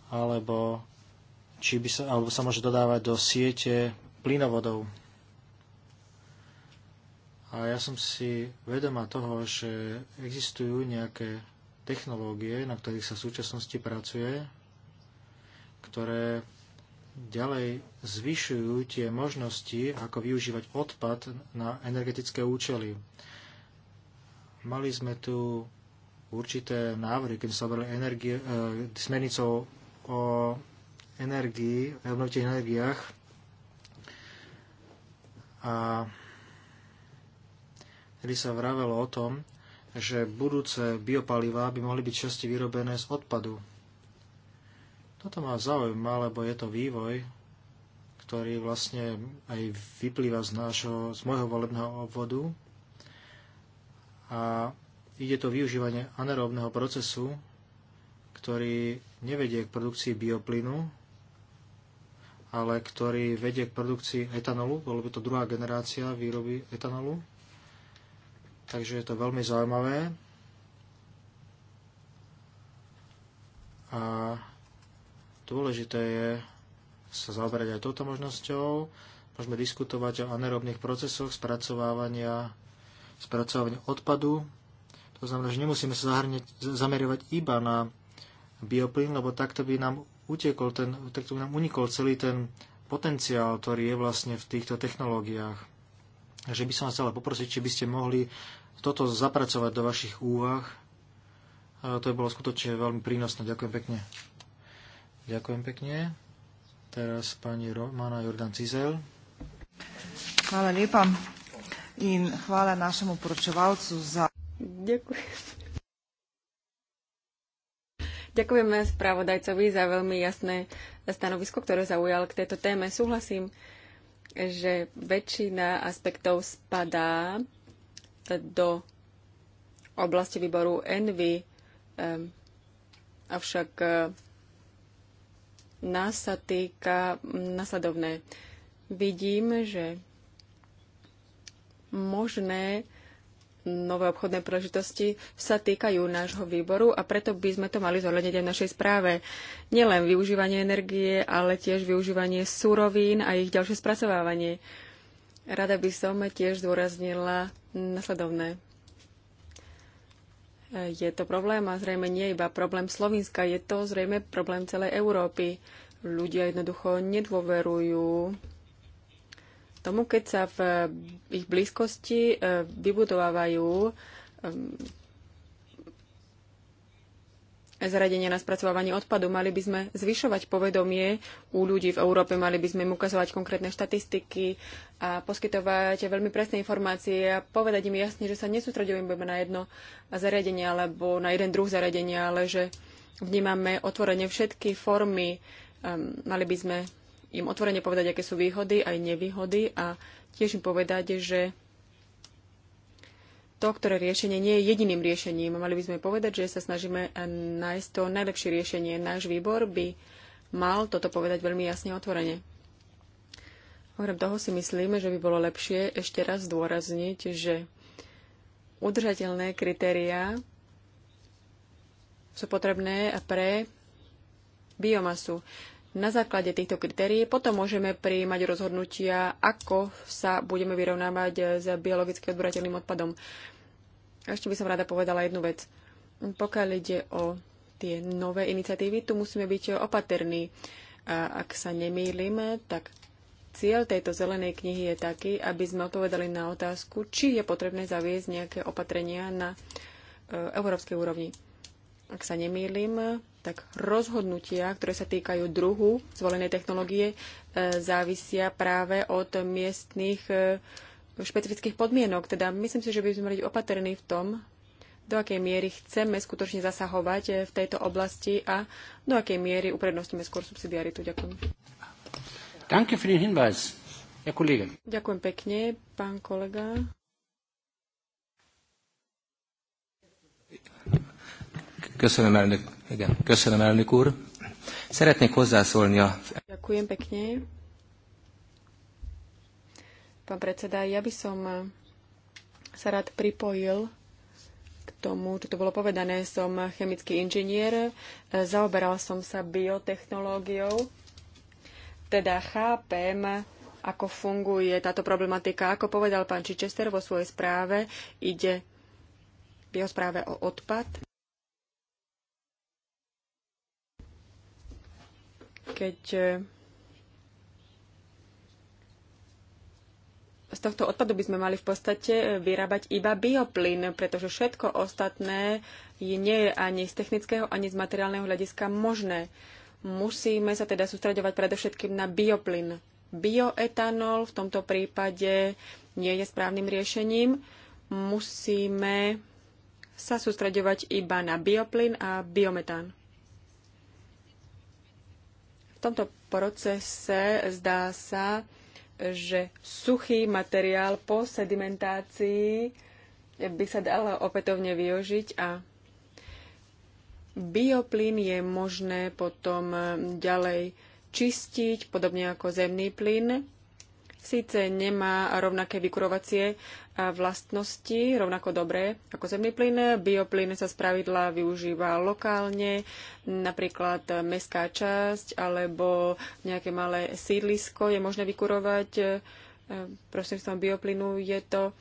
alebo, či by sa, alebo sa môže dodávať do siete plynovodov. A ja som si vedoma toho, že existujú nejaké technológie, na ktorých sa v súčasnosti pracuje, ktoré ďalej zvyšujú tie možnosti, ako využívať odpad na energetické účely. Mali sme tu určité návrhy, keď sa obrali energie, e, smernicou o energii, obnoviteľných energiách. A kedy sa vravelo o tom, že budúce biopalivá by mohli byť časti vyrobené z odpadu. Toto ma zaujíma, lebo je to vývoj, ktorý vlastne aj vyplýva z, nášho, z môjho volebného obvodu. A Ide to využívanie anaeróbneho procesu, ktorý nevedie k produkcii bioplynu, ale ktorý vedie k produkcii etanolu. Bolo by to druhá generácia výroby etanolu. Takže je to veľmi zaujímavé. A dôležité je sa zaoberať aj touto možnosťou. Môžeme diskutovať o anaerobných procesoch spracovávania, spracovávania odpadu. To znamená, že nemusíme sa zahrňať, zameriovať iba na bioplyn, lebo takto by nám utekol ten, takto by nám unikol celý ten potenciál, ktorý je vlastne v týchto technológiách. Takže by som vás chcela poprosiť, či by ste mohli toto zapracovať do vašich úvah. to je bolo skutočne veľmi prínosné. Ďakujem pekne. Ďakujem pekne. Teraz pani Romana Jordan Cizel. Hvala lepa in hvala našemu poročevalcu za... Ďakujem. Ďakujeme spravodajcovi za veľmi jasné stanovisko, ktoré zaujal k tejto téme. Súhlasím, že väčšina aspektov spadá do oblasti výboru Envy, ehm, avšak ehm, nás sa týka nasledovné. Vidím, že možné nové obchodné príležitosti sa týkajú nášho výboru a preto by sme to mali zohľadniť aj v našej správe. Nielen využívanie energie, ale tiež využívanie surovín a ich ďalšie spracovávanie. Rada by som tiež zdôraznila nasledovné. Je to problém a zrejme nie iba problém Slovenska, je to zrejme problém celej Európy. Ľudia jednoducho nedôverujú tomu, keď sa v ich blízkosti eh, vybudovávajú ehm, zariadenia na spracovávanie odpadu. Mali by sme zvyšovať povedomie u ľudí v Európe, mali by sme im ukazovať konkrétne štatistiky a poskytovať veľmi presné informácie a povedať im jasne, že sa nesústredujeme na jedno zariadenie alebo na jeden druh zariadenia, ale že vnímame otvorene všetky formy. Ehm, mali by sme im otvorene povedať, aké sú výhody aj nevýhody a tiež im povedať, že to, ktoré riešenie nie je jediným riešením. Mali by sme povedať, že sa snažíme nájsť to najlepšie riešenie. Náš výbor by mal toto povedať veľmi jasne otvorene. Okrem toho si myslíme, že by bolo lepšie ešte raz zdôrazniť, že udržateľné kritériá sú potrebné pre biomasu. Na základe týchto kritérií potom môžeme prijímať rozhodnutia, ako sa budeme vyrovnávať s biologicky odberateľným odpadom. A ešte by som rada povedala jednu vec. Pokiaľ ide o tie nové iniciatívy, tu musíme byť opatrní. A ak sa nemýlim, tak cieľ tejto zelenej knihy je taký, aby sme odpovedali na otázku, či je potrebné zaviesť nejaké opatrenia na e, európskej úrovni. Ak sa nemýlim, tak rozhodnutia, ktoré sa týkajú druhu zvolenej technológie, e, závisia práve od miestných e, špecifických podmienok. Teda myslím si, že by sme mali opatrní v tom, do akej miery chceme skutočne zasahovať e, v tejto oblasti a do akej miery uprednostíme skôr subsidiaritu. Ďakujem. Danke für den Hinweis, Herr Kollege. Ďakujem pekne, pán kolega. Köszönöm, elnök Igen, köszönöm elnök úr. Szeretnék hozzászólni a... Ďakujem pekne. Pán predseda, ja by som eh, sa rád pripojil k tomu, čo to bolo povedané. Som chemický inžinier, eh, zaoberal som sa biotechnológiou, teda chápem, ako funguje táto problematika. Ako povedal pán Čičester vo svojej správe, ide v jeho správe o odpad keď e, z tohto odpadu by sme mali v podstate e, vyrábať iba bioplyn, pretože všetko ostatné nie je ani z technického, ani z materiálneho hľadiska možné. Musíme sa teda sústredovať predovšetkým na bioplyn. Bioetanol v tomto prípade nie je správnym riešením. Musíme sa sústredovať iba na bioplyn a biometán tomto procese zdá sa, že suchý materiál po sedimentácii by sa dal opätovne využiť a bioplyn je možné potom ďalej čistiť, podobne ako zemný plyn. Síce nemá rovnaké vykurovacie vlastnosti rovnako dobré ako zemný plyn. Bioplyn sa spravidla využíva lokálne, napríklad mestská časť alebo nejaké malé sídlisko je možné vykurovať eh, prostredstvom bioplynu. Je to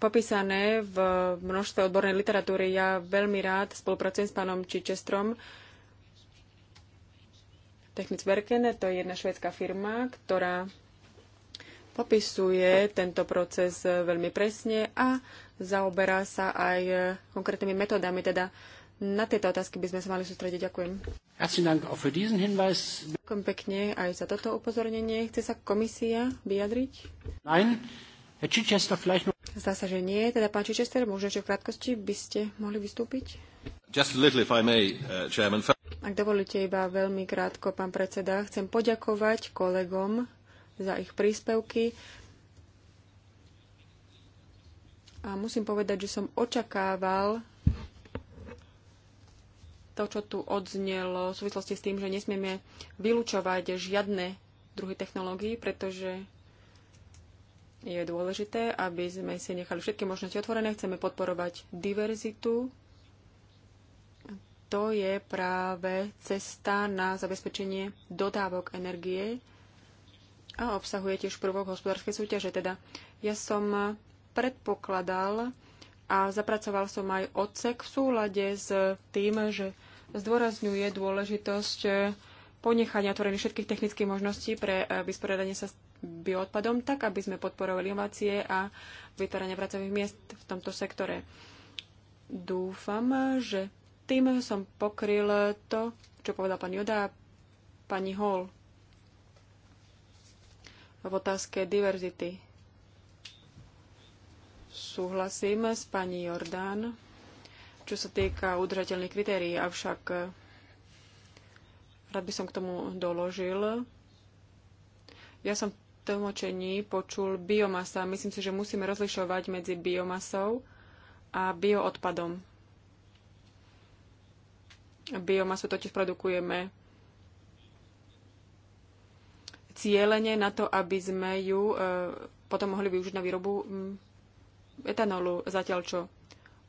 popísané v množstve odbornej literatúry. Ja veľmi rád spolupracujem s pánom Čičestrom, Technic Technicverken, to je jedna švedská firma, ktorá popisuje tento proces veľmi presne a zaoberá sa aj konkrétnymi metodami. Teda na tieto otázky by sme sa mali sústrediť. Ďakujem. Ďakujem pekne aj za toto upozornenie. Chce sa komisia vyjadriť? Nein. Zdá sa, že nie. Teda, pán Čičester, možno, že v krátkosti by ste mohli vystúpiť? Uh, Ak dovolíte iba veľmi krátko, pán predseda, chcem poďakovať kolegom za ich príspevky. A musím povedať, že som očakával to, čo tu odznelo v súvislosti s tým, že nesmieme vylúčovať žiadne druhy technológií, pretože je dôležité, aby sme si nechali všetky možnosti otvorené. Chceme podporovať diverzitu. To je práve cesta na zabezpečenie dodávok energie a obsahuje tiež prvok hospodárskej súťaže. Teda ja som predpokladal a zapracoval som aj odsek v súlade s tým, že zdôrazňuje dôležitosť ponechania otvorených všetkých technických možností pre eh, vysporiadanie sa s bioodpadom, tak aby sme podporovali inovácie a vytvorenie pracovných miest v tomto sektore. Dúfam, že tým som pokryl to, čo povedal pani Joda a pani Hall v otázke diverzity. Súhlasím s pani Jordán, čo sa týka udržateľných kritérií, avšak eh, rád by som k tomu doložil. Ja som v tlmočení počul biomasa. Myslím si, že musíme rozlišovať medzi biomasou a bioodpadom. Biomasu totiž produkujeme cieľene na to, aby sme ju e, potom mohli využiť na výrobu mm, etanolu, zatiaľ čo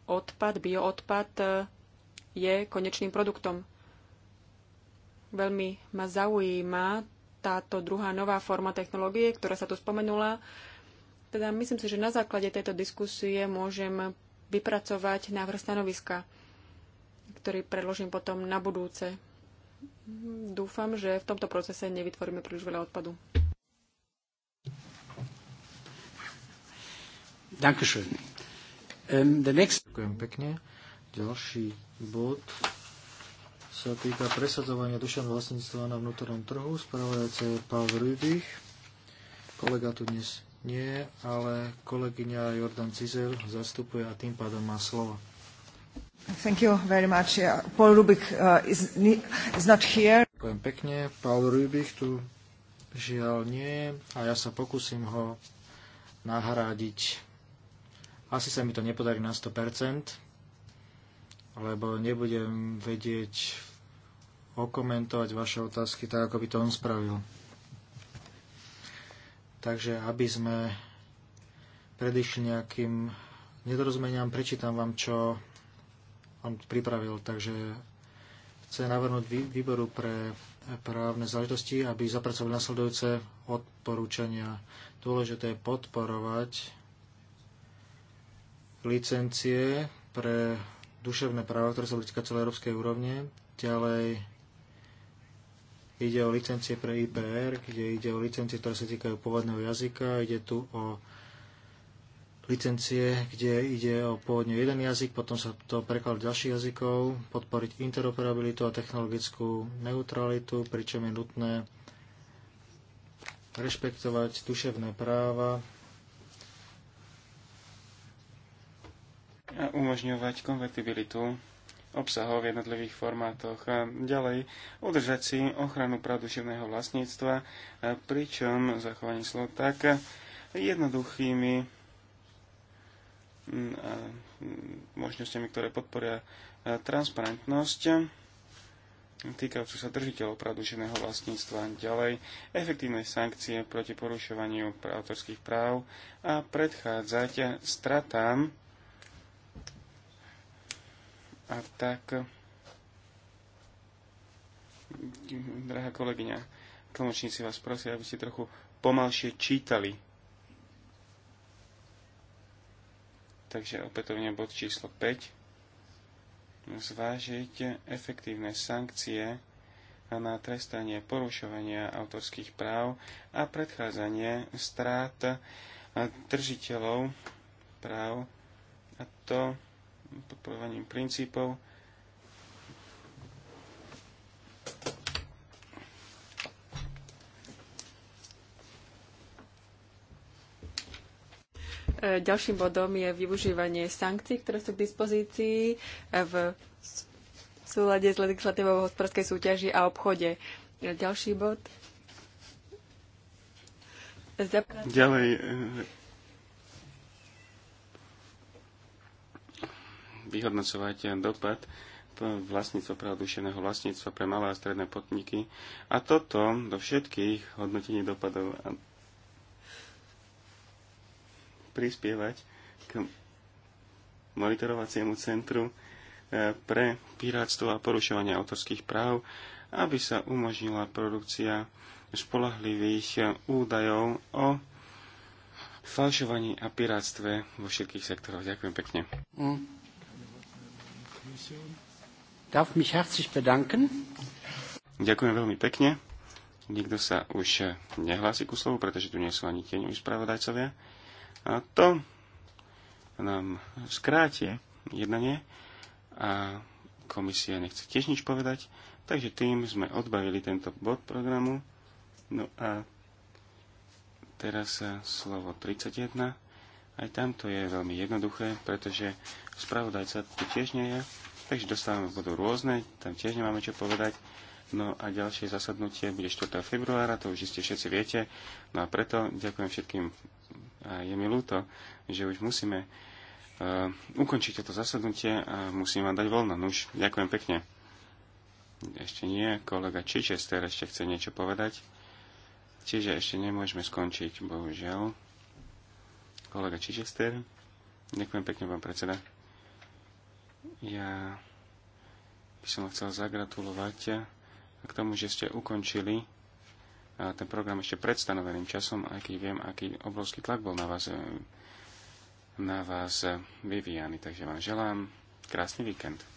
odpad, bioodpad e, je konečným produktom. Veľmi ma zaujíma táto druhá nová forma technológie, ktorá sa tu spomenula. Teda myslím si, že na základe tejto diskusie môžem vypracovať návrh stanoviska, ktorý predložím potom na budúce dúfam, že v tomto procese nevytvoríme príliš veľa odpadu. Um, ähm, the next... Ďakujem pekne. Ďalší bod sa týka presadzovania dušan vlastníctva na vnútornom trhu. Spravodajca je Pavel Rübich. Kolega tu dnes nie, ale kolegyňa Jordan Cizel zastupuje a tým pádom má slovo. Thank you very much. Yeah. Paul Rubik uh, is, is not here. Ďakujem pekne. Paul Rubik tu žiaľ nie a ja sa pokúsim ho nahrádiť. Asi sa mi to nepodarí na 100%, lebo nebudem vedieť okomentovať vaše otázky tak, ako by to on spravil. Takže aby sme predišli nejakým nedorozumeniam, prečítam vám, čo on pripravil. Takže chce navrhnúť výboru pre právne záležitosti, aby zapracovali nasledujúce odporúčania. Dôležité je podporovať licencie pre duševné práva, ktoré sa týka celej európskej úrovne. Ďalej ide o licencie pre IPR, kde ide o licencie, ktoré sa týkajú pôvodného jazyka. Ide tu o licencie, kde ide o pôvodne jeden jazyk, potom sa to preklad ďalších jazykov, podporiť interoperabilitu a technologickú neutralitu, pričom je nutné rešpektovať duševné práva a umožňovať konvertibilitu obsahov v jednotlivých formátoch. A ďalej, udržať si ochranu práv duševného vlastníctva, pričom zachovanie slov tak jednoduchými a možnosťami, ktoré podporia e, transparentnosť týkajúcu sa držiteľov práv vlastníctva, ďalej efektívne sankcie proti porušovaniu autorských práv a predchádzať stratám a tak drahá kolegyňa, tlmočníci vás prosia, aby ste trochu pomalšie čítali. Takže opätovne bod číslo 5. Zvážiť efektívne sankcie na trestanie porušovania autorských práv a predchádzanie strát držiteľov práv a to podporovaním princípov Ďalším bodom je využívanie sankcií, ktoré sú k dispozícii v súlade s legislatívou hospodárskej súťaži a obchode. Ďalší bod. Ďalej. Eh, Vyhodnocovať dopad vlastníctva práva vlastníctva pre malé a stredné podniky. A toto do všetkých hodnotení dopadov a prispievať k monitorovaciemu centru e, pre pirátstvo a porušovanie autorských práv, aby sa umožnila produkcia spolahlivých e, údajov o falšovaní a pirátstve vo všetkých sektoroch. Ďakujem pekne. Mm. Ďakujem veľmi pekne. Nikto sa už nehlási ku slovu, pretože tu nie sú ani tieňoví spravodajcovia. A to nám skráti jednanie a komisia nechce tiež nič povedať, takže tým sme odbavili tento bod programu. No a teraz slovo 31. Aj tamto je veľmi jednoduché, pretože spravodajca tu tiež nie je, takže dostávame bodu rôzne, tam tiež nemáme čo povedať. No a ďalšie zasadnutie bude 4. februára, to už ste všetci viete. No a preto ďakujem všetkým a je mi ľúto, že už musíme uh, ukončiť toto zasadnutie a musím vám dať voľno. Nuž, ďakujem pekne. Ešte nie, kolega Čičester ešte chce niečo povedať. Čiže ešte nemôžeme skončiť, bohužiaľ. Kolega Čičester. Ďakujem pekne, pán predseda. Ja by som chcel zagratulovať k tomu, že ste ukončili ten program ešte pred stanoveným časom, aj keď viem, aký obrovský tlak bol na vás, na vás vyvíjaný. Takže vám želám krásny víkend.